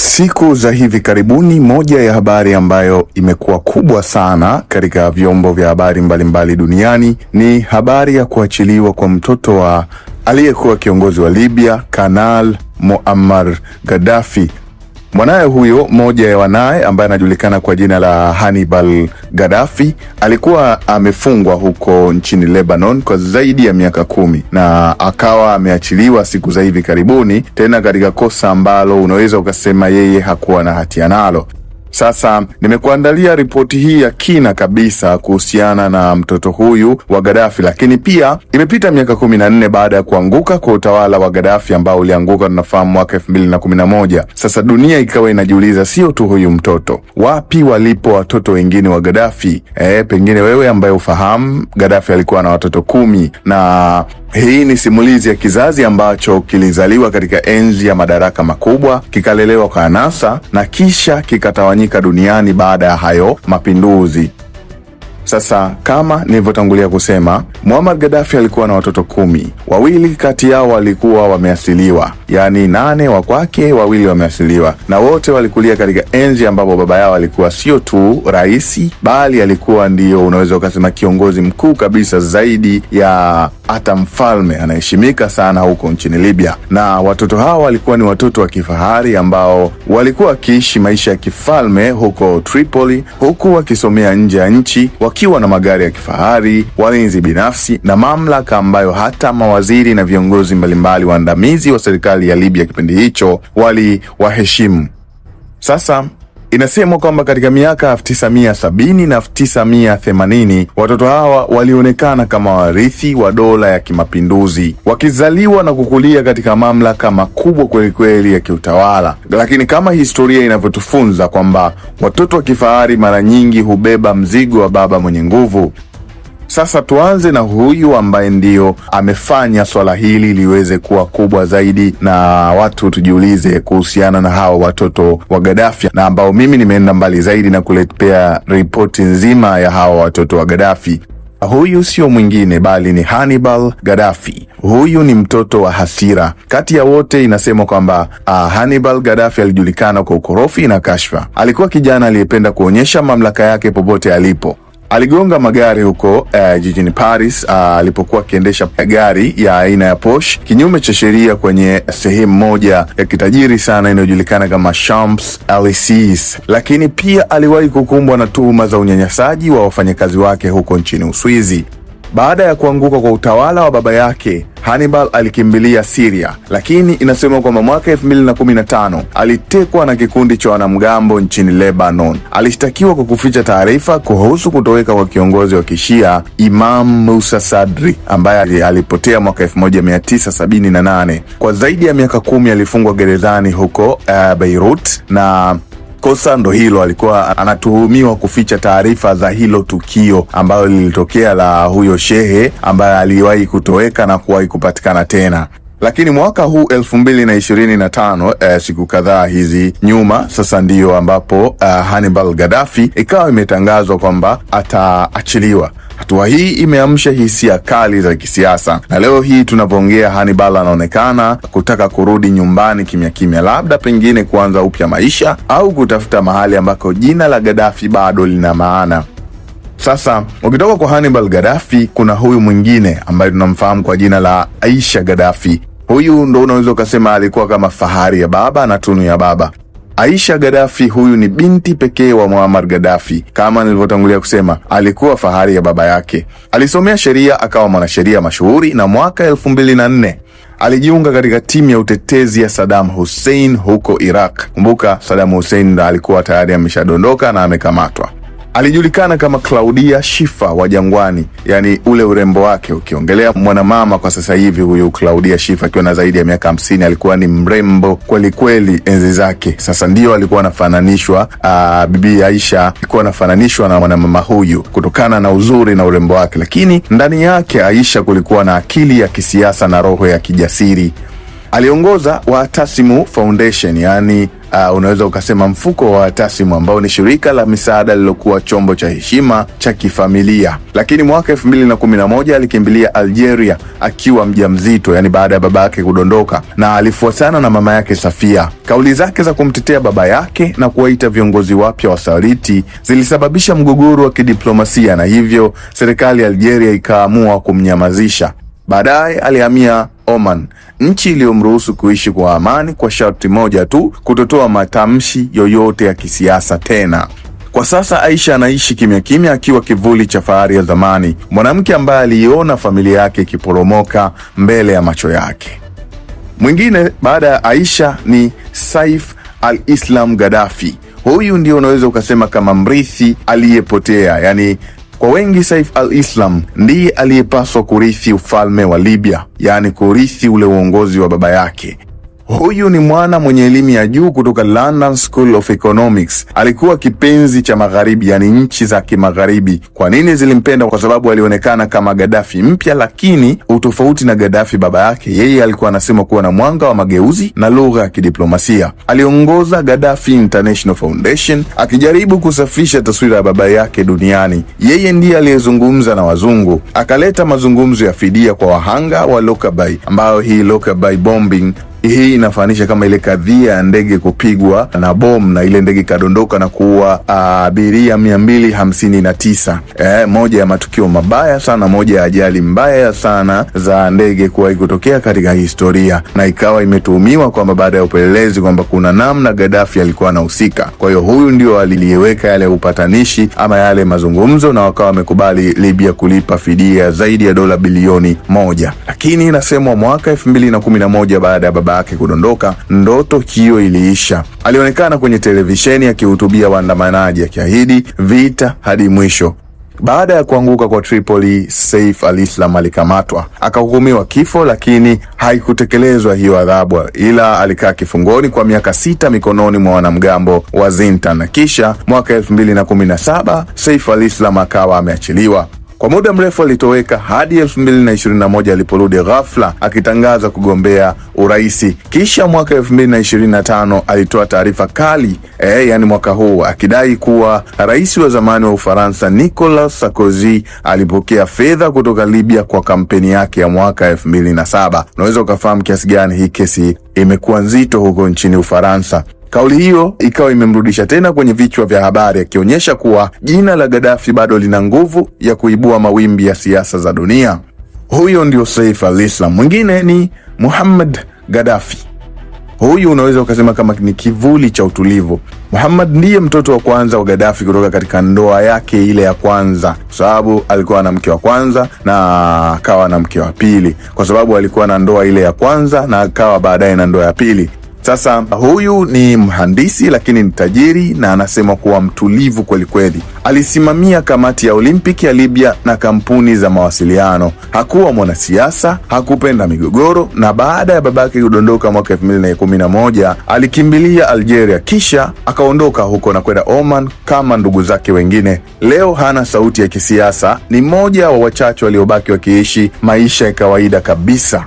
Siku za hivi karibuni, moja ya habari ambayo imekuwa kubwa sana katika vyombo vya habari mbalimbali duniani ni habari ya kuachiliwa kwa mtoto wa aliyekuwa kiongozi wa Libya Kanal Muammar Gaddafi Mwanaye huyo, mmoja ya wanaye ambaye anajulikana kwa jina la Hannibal Gaddafi, alikuwa amefungwa huko nchini Lebanon kwa zaidi ya miaka kumi na akawa ameachiliwa siku za hivi karibuni, tena katika kosa ambalo unaweza ukasema yeye hakuwa na hatia nalo. Sasa nimekuandalia ripoti hii ya kina kabisa kuhusiana na mtoto huyu wa Gaddafi, lakini pia imepita miaka kumi na nne baada ya kuanguka kwa utawala wa Gaddafi ambao ulianguka tunafahamu mwaka elfu mbili na kumi na moja. Sasa dunia ikawa inajiuliza sio tu huyu mtoto, wapi walipo watoto wengine wa Gaddafi? E, pengine wewe ambaye ufahamu Gaddafi alikuwa na watoto kumi na hii ni simulizi ya kizazi ambacho kilizaliwa katika enzi ya madaraka makubwa, kikalelewa kwa anasa na kisha kikatawanyika duniani baada ya hayo mapinduzi. Sasa kama nilivyotangulia kusema, Muammar Gaddafi alikuwa na watoto kumi. Wawili kati yao walikuwa wameasiliwa, yaani nane wa kwake, wawili wameasiliwa, na wote walikulia katika enzi ambapo baba yao alikuwa sio tu rais, bali alikuwa ndiyo, unaweza ukasema, kiongozi mkuu kabisa zaidi ya hata mfalme anaheshimika sana huko nchini Libya, na watoto hawa walikuwa ni watoto wa kifahari ambao walikuwa wakiishi maisha ya kifalme huko Tripoli, huku wakisomea nje ya nchi, wakiwa na magari ya kifahari, walinzi binafsi na mamlaka ambayo hata mawaziri na viongozi mbalimbali waandamizi wa serikali ya Libya kipindi hicho waliwaheshimu. Sasa Inasemwa kwamba katika miaka 1970 na 1980 watoto hawa walionekana kama warithi wa dola ya kimapinduzi, wakizaliwa na kukulia katika mamlaka makubwa kwelikweli ya kiutawala. Lakini kama historia inavyotufunza kwamba watoto wa kifahari mara nyingi hubeba mzigo wa baba mwenye nguvu, sasa tuanze na huyu ambaye ndio amefanya swala hili liweze kuwa kubwa zaidi na watu tujiulize kuhusiana na hawa watoto wa Gaddafi, na ambao mimi nimeenda mbali zaidi na kuletea ripoti nzima ya hawa watoto wa Gaddafi. Huyu sio mwingine bali ni Hannibal Gaddafi. Huyu ni mtoto wa hasira. Kati ya wote inasemwa kwamba uh, Hannibal Gaddafi alijulikana kwa ukorofi na kashfa. Alikuwa kijana aliyependa kuonyesha mamlaka yake popote alipo aligonga magari huko eh, jijini Paris ah, alipokuwa akiendesha gari ya aina ya Porsche kinyume cha sheria kwenye sehemu moja ya kitajiri sana inayojulikana kama Champs Elysees. Lakini pia aliwahi kukumbwa na tuhuma za unyanyasaji wa wafanyakazi wake huko nchini Uswizi. Baada ya kuanguka kwa utawala wa baba yake, Hannibal alikimbilia Syria, lakini inasema kwamba mwaka 2015 alitekwa na kikundi cha wanamgambo nchini Lebanon. Alishtakiwa kwa kuficha taarifa kuhusu kutoweka kwa kiongozi wa Kishia Imam Musa Sadri ambaye alipotea mwaka 1978. Kwa zaidi ya miaka kumi alifungwa gerezani huko uh, Beirut na Kosa ndo hilo, alikuwa anatuhumiwa kuficha taarifa za hilo tukio ambalo lilitokea la huyo shehe ambaye aliwahi kutoweka na kuwahi kupatikana tena. Lakini mwaka huu elfu mbili na ishirini na tano eh, siku kadhaa hizi nyuma sasa ndiyo ambapo eh, Hannibal Gaddafi ikawa imetangazwa kwamba ataachiliwa. Hatua hii imeamsha hisia kali za kisiasa, na leo hii tunavyoongea, Hannibal anaonekana kutaka kurudi nyumbani kimya kimya, labda pengine kuanza upya maisha au kutafuta mahali ambako jina la Gaddafi bado lina maana. Sasa ukitoka kwa Hannibal Gaddafi, kuna huyu mwingine ambaye tunamfahamu kwa jina la Aisha Gaddafi. Huyu ndo unaweza ukasema alikuwa kama fahari ya baba na tunu ya baba. Aisha Gaddafi huyu ni binti pekee wa Muammar Gaddafi. Kama nilivyotangulia kusema, alikuwa fahari ya baba yake. Alisomea sheria akawa mwanasheria mashuhuri, na mwaka 2004 alijiunga katika timu ya utetezi ya Saddam Hussein huko Iraq. Kumbuka Saddam Hussein ndo alikuwa tayari ameshadondoka na amekamatwa. Alijulikana kama Claudia Schiffer wa Jangwani, yani ule urembo wake. Ukiongelea mwanamama kwa sasa hivi, huyu Claudia Schiffer akiwa na zaidi ya miaka hamsini alikuwa ni mrembo kwelikweli enzi zake. Sasa ndio alikuwa anafananishwa, ah, bibi Aisha alikuwa anafananishwa na mwanamama huyu kutokana na uzuri na urembo wake, lakini ndani yake Aisha kulikuwa na akili ya kisiasa na roho ya kijasiri. Aliongoza watasimu Foundation, yaani uh, unaweza ukasema mfuko wa tasimu ambao ni shirika la misaada lilokuwa chombo cha heshima cha kifamilia, lakini mwaka 2011 alikimbilia Algeria akiwa mjamzito, yani baada ya baba yake kudondoka, na alifuatana na mama yake Safia. Kauli zake za kumtetea baba yake na kuwaita viongozi wapya wasaliti zilisababisha mgogoro wa kidiplomasia, na hivyo serikali ya Algeria ikaamua kumnyamazisha. Baadaye alihamia Oman nchi iliyomruhusu kuishi kwa amani kwa sharti moja tu, kutotoa matamshi yoyote ya kisiasa tena. Kwa sasa Aisha anaishi kimya kimya, akiwa kivuli cha fahari ya zamani, mwanamke ambaye aliiona familia yake ikiporomoka mbele ya macho yake. Mwingine baada ya Aisha ni Saif al-Islam Gaddafi. Huyu ndio unaweza ukasema kama mrithi aliyepotea, yani kwa wengi Saif al-Islam ndiye aliyepaswa kurithi ufalme wa Libya, yaani kurithi ule uongozi wa baba yake, Huyu ni mwana mwenye elimu ya juu kutoka London School of Economics. Alikuwa kipenzi cha magharibi, yani nchi za kimagharibi. Kwa nini zilimpenda? Kwa sababu alionekana kama Gaddafi mpya, lakini utofauti na Gaddafi baba yake, yeye alikuwa anasema kuwa na mwanga wa mageuzi na lugha ya kidiplomasia. Aliongoza Gaddafi International Foundation akijaribu kusafisha taswira ya baba yake duniani. Yeye ndiye aliyezungumza na wazungu, akaleta mazungumzo ya fidia kwa wahanga wa Lokabai, ambayo hii Lokabai bombing hii inafanisha kama ile kadhia ya ndege kupigwa na bomu na ile ndege ikadondoka na kuua ah, abiria mia mbili hamsini na tisa. E, moja ya matukio mabaya sana, moja ya ajali mbaya sana za ndege kuwahi kutokea katika historia, na ikawa imetuhumiwa kwamba baada ya upelelezi kwamba kuna namna Gaddafi alikuwa anahusika. Kwa hiyo huyu ndio aliyeweka yale upatanishi ama yale mazungumzo, na wakawa wamekubali Libya kulipa fidia zaidi ya dola bilioni moja, lakini inasemwa mwaka elfu mbili na kumi na moja baada ya baba yake kudondoka, ndoto hiyo iliisha. Alionekana kwenye televisheni akihutubia waandamanaji akiahidi vita hadi mwisho. Baada ya kuanguka kwa Tripoli, Saif al-Islam alikamatwa akahukumiwa kifo, lakini haikutekelezwa hiyo adhabu, ila alikaa kifungoni kwa miaka sita mikononi mwa wanamgambo wa Zintan, na kisha mwaka elfu mbili na kumi na saba Saif al-Islam akawa ameachiliwa. Kwa muda mrefu alitoweka hadi 2021 aliporudi ghafla akitangaza kugombea uraisi. Kisha mwaka 2025 alitoa taarifa kali e, yani mwaka huu akidai kuwa rais wa zamani wa Ufaransa Nicolas Sarkozy alipokea fedha kutoka Libya kwa kampeni yake ya mwaka 2007. Unaweza ukafahamu kiasi gani hii kesi imekuwa nzito huko nchini Ufaransa. Kauli hiyo ikawa imemrudisha tena kwenye vichwa vya habari, akionyesha kuwa jina la Gaddafi bado lina nguvu ya kuibua mawimbi ya siasa za dunia. Huyo ndio Saif al-Islam, mwingine ni Muhammad Gaddafi. Huyu unaweza ukasema kama ni kivuli cha utulivu. Muhammad ndiye mtoto wa kwanza wa Gaddafi kutoka katika ndoa yake ile ya kwanza, kwa sababu alikuwa na mke wa kwanza na akawa na mke wa pili, kwa sababu alikuwa na ndoa ile ya kwanza na akawa baadaye na ndoa ya pili. Sasa huyu ni mhandisi lakini ni tajiri na anasema kuwa mtulivu kwelikweli. Alisimamia kamati ya Olimpiki ya Libya na kampuni za mawasiliano. Hakuwa mwanasiasa, hakupenda migogoro, na baada ya babake kudondoka mwaka moja alikimbilia Algeria, kisha akaondoka huko na kwenda Oman kama ndugu zake wengine. Leo hana sauti ya kisiasa, ni mmoja wa wachache waliobaki wakiishi maisha ya kawaida kabisa.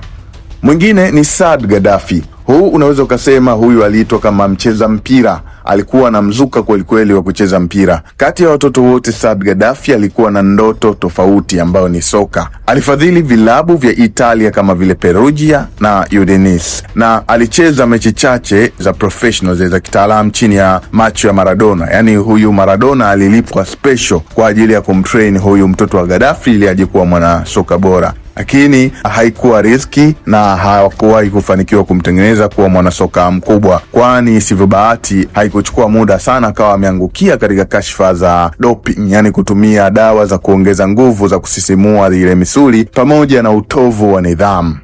Mwingine ni Saad Gaddafi. Huu unaweza ukasema huyu aliitwa kama mcheza mpira, alikuwa na mzuka kwelikweli wa kucheza mpira. Kati ya watoto wote, sad gadafi alikuwa na ndoto tofauti ambayo ni soka. Alifadhili vilabu vya Italia kama vile Perugia na udenis na alicheza mechi chache za professional za kitaalamu chini ya macho ya Maradona. Yaani huyu Maradona alilipwa special kwa ajili ya kumtrain huyu mtoto wa gadafi ili aje kuwa mwana soka bora lakini haikuwa riski na hawakuwahi kufanikiwa kumtengeneza kuwa mwanasoka mkubwa, kwani sivyo bahati haikuchukua muda sana akawa ameangukia katika kashfa za doping, yani kutumia dawa za kuongeza nguvu za kusisimua ile misuli pamoja na utovu wa nidhamu.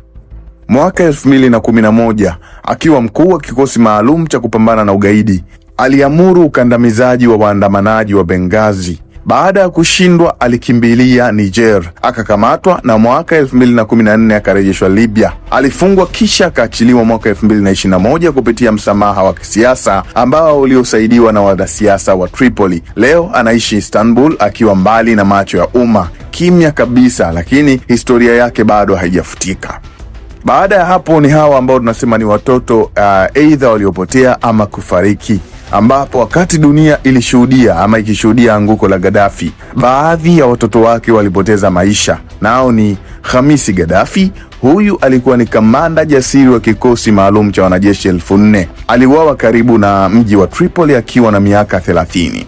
Mwaka elfu mbili na kumi na moja akiwa mkuu wa kikosi maalum cha kupambana na ugaidi aliamuru ukandamizaji wa waandamanaji wa Benghazi baada ya kushindwa, alikimbilia Niger, akakamatwa na mwaka 2014 akarejeshwa Libya. Alifungwa kisha akaachiliwa mwaka 2021 kupitia msamaha wa kisiasa ambao uliosaidiwa na wanasiasa wa Tripoli. Leo anaishi Istanbul akiwa mbali na macho ya umma, kimya kabisa, lakini historia yake bado haijafutika. Baada ya hapo ni hawa ambao tunasema ni watoto uh, aidha waliopotea ama kufariki ambapo wakati dunia ilishuhudia ama ikishuhudia anguko la Gaddafi, baadhi ya watoto wake walipoteza maisha, nao ni Hamisi Gaddafi. Huyu alikuwa ni kamanda jasiri wa kikosi maalum cha wanajeshi elfu nne. Aliuawa karibu na mji wa Tripoli akiwa na miaka 30.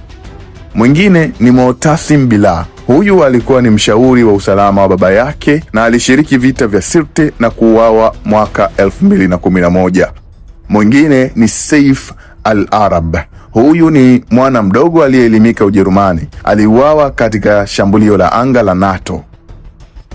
Mwingine ni motasim bila Huyu alikuwa ni mshauri wa usalama wa baba yake na alishiriki vita vya Sirte na kuuawa mwaka 2011. Mwingine ni Saif al Arab. Huyu ni mwana mdogo aliyeelimika Ujerumani, aliuawa katika shambulio la anga la NATO.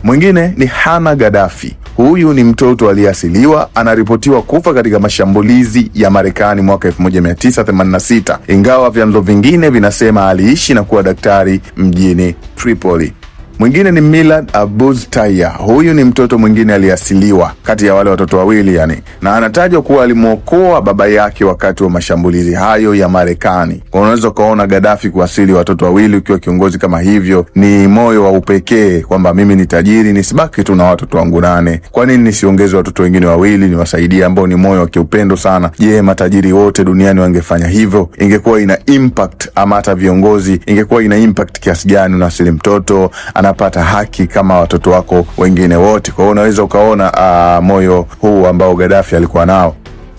Mwingine ni Hana Gaddafi. Huyu ni mtoto aliyeasiliwa, anaripotiwa kufa katika mashambulizi ya Marekani mwaka 1986, ingawa vyanzo vingine vinasema aliishi na kuwa daktari mjini Tripoli. Mwingine ni Milad Abuz Taya. Huyu ni mtoto mwingine aliasiliwa kati ya wale watoto wawili yani, na anatajwa kuwa alimwokoa baba yake wakati wa mashambulizi hayo ya Marekani. Kwa unaweza ukaona Gaddafi kuasili watoto wawili ukiwa kiongozi kama hivyo ni moyo wa upekee kwamba mimi ni tajiri, nisibaki tu na watoto wangu nane. Kwa nini nisiongeze watoto wengine wawili niwasaidie, ambao ni moyo wa kiupendo sana? Je, matajiri wote duniani wangefanya hivyo, ingekuwa ina impact ama hata viongozi, ingekuwa ina impact kiasi gani? Unaasili mtoto anapata haki kama watoto wako wengine wote. Kwa hiyo unaweza ukaona uh, moyo huu ambao Gaddafi alikuwa nao.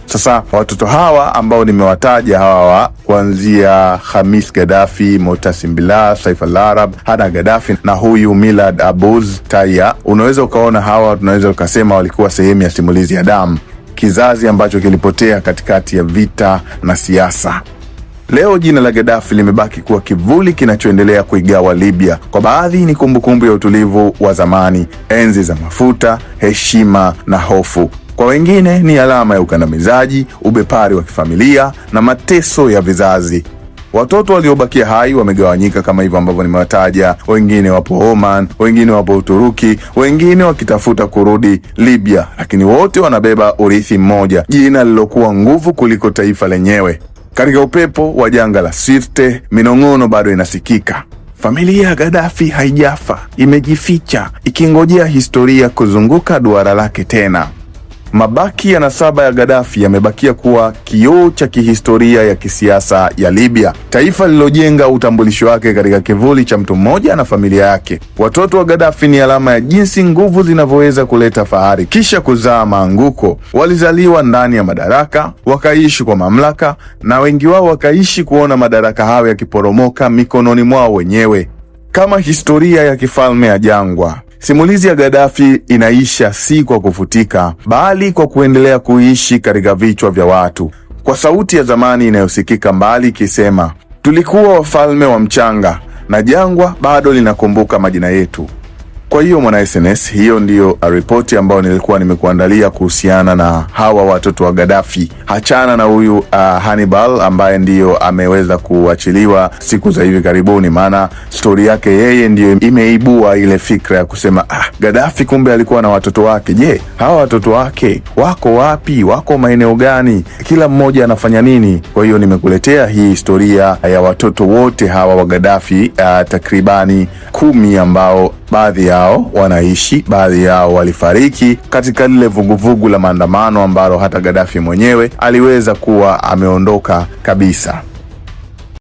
Sasa watoto hawa ambao nimewataja hawa kuanzia Hamis Gaddafi, Motasi Mbila, Saif al-Arab, Hana Gaddafi na huyu Milad Abuz Taya, unaweza ukaona hawa, tunaweza ukasema walikuwa sehemu ya simulizi ya damu, kizazi ambacho kilipotea katikati ya vita na siasa. Leo jina la Gaddafi limebaki kuwa kivuli kinachoendelea kuigawa Libya. Kwa baadhi ni kumbukumbu ya utulivu wa zamani, enzi za mafuta, heshima na hofu. Kwa wengine ni alama ya ukandamizaji, ubepari wa kifamilia na mateso ya vizazi. Watoto waliobakia hai wamegawanyika kama hivyo ambavyo nimewataja. Wengine wapo Oman, wengine wapo Uturuki, wengine wakitafuta kurudi Libya, lakini wote wanabeba urithi mmoja, jina lililokuwa nguvu kuliko taifa lenyewe. Katika upepo wa janga la Sirte, minong'ono bado inasikika. Familia ya Gaddafi haijafa, imejificha ikingojea historia kuzunguka duara lake tena. Mabaki ya nasaba ya Gaddafi yamebakia kuwa kioo cha kihistoria ya kisiasa ya Libya, taifa lililojenga utambulisho wake katika kivuli cha mtu mmoja na familia yake. Watoto wa Gaddafi ni alama ya jinsi nguvu zinavyoweza kuleta fahari kisha kuzaa maanguko. Walizaliwa ndani ya madaraka, wakaishi kwa mamlaka, na wengi wao wakaishi kuona madaraka hayo yakiporomoka mikononi mwao wenyewe, kama historia ya kifalme ya jangwa. Simulizi ya Gaddafi inaisha si kwa kufutika, bali kwa kuendelea kuishi katika vichwa vya watu, kwa sauti ya zamani inayosikika mbali ikisema, tulikuwa wafalme wa mchanga na jangwa bado linakumbuka majina yetu. Kwa hiyo mwana SNS, hiyo ndiyo uh, ripoti ambayo nilikuwa nimekuandalia kuhusiana na hawa watoto wa Gaddafi. Hachana na huyu uh, Hannibal ambaye ndiyo ameweza kuachiliwa siku za hivi karibuni, maana stori yake yeye ndiyo imeibua ile fikra ya kusema ah, Gaddafi kumbe alikuwa na watoto wake. Je, hawa watoto wake wako wapi? Wako maeneo gani? Kila mmoja anafanya nini? Kwa hiyo nimekuletea hii historia ya watoto wote hawa wa Gaddafi uh, takribani kumi ambao baadhi yao wanaishi, baadhi yao walifariki katika lile vuguvugu la maandamano ambalo hata Gaddafi mwenyewe aliweza kuwa ameondoka kabisa.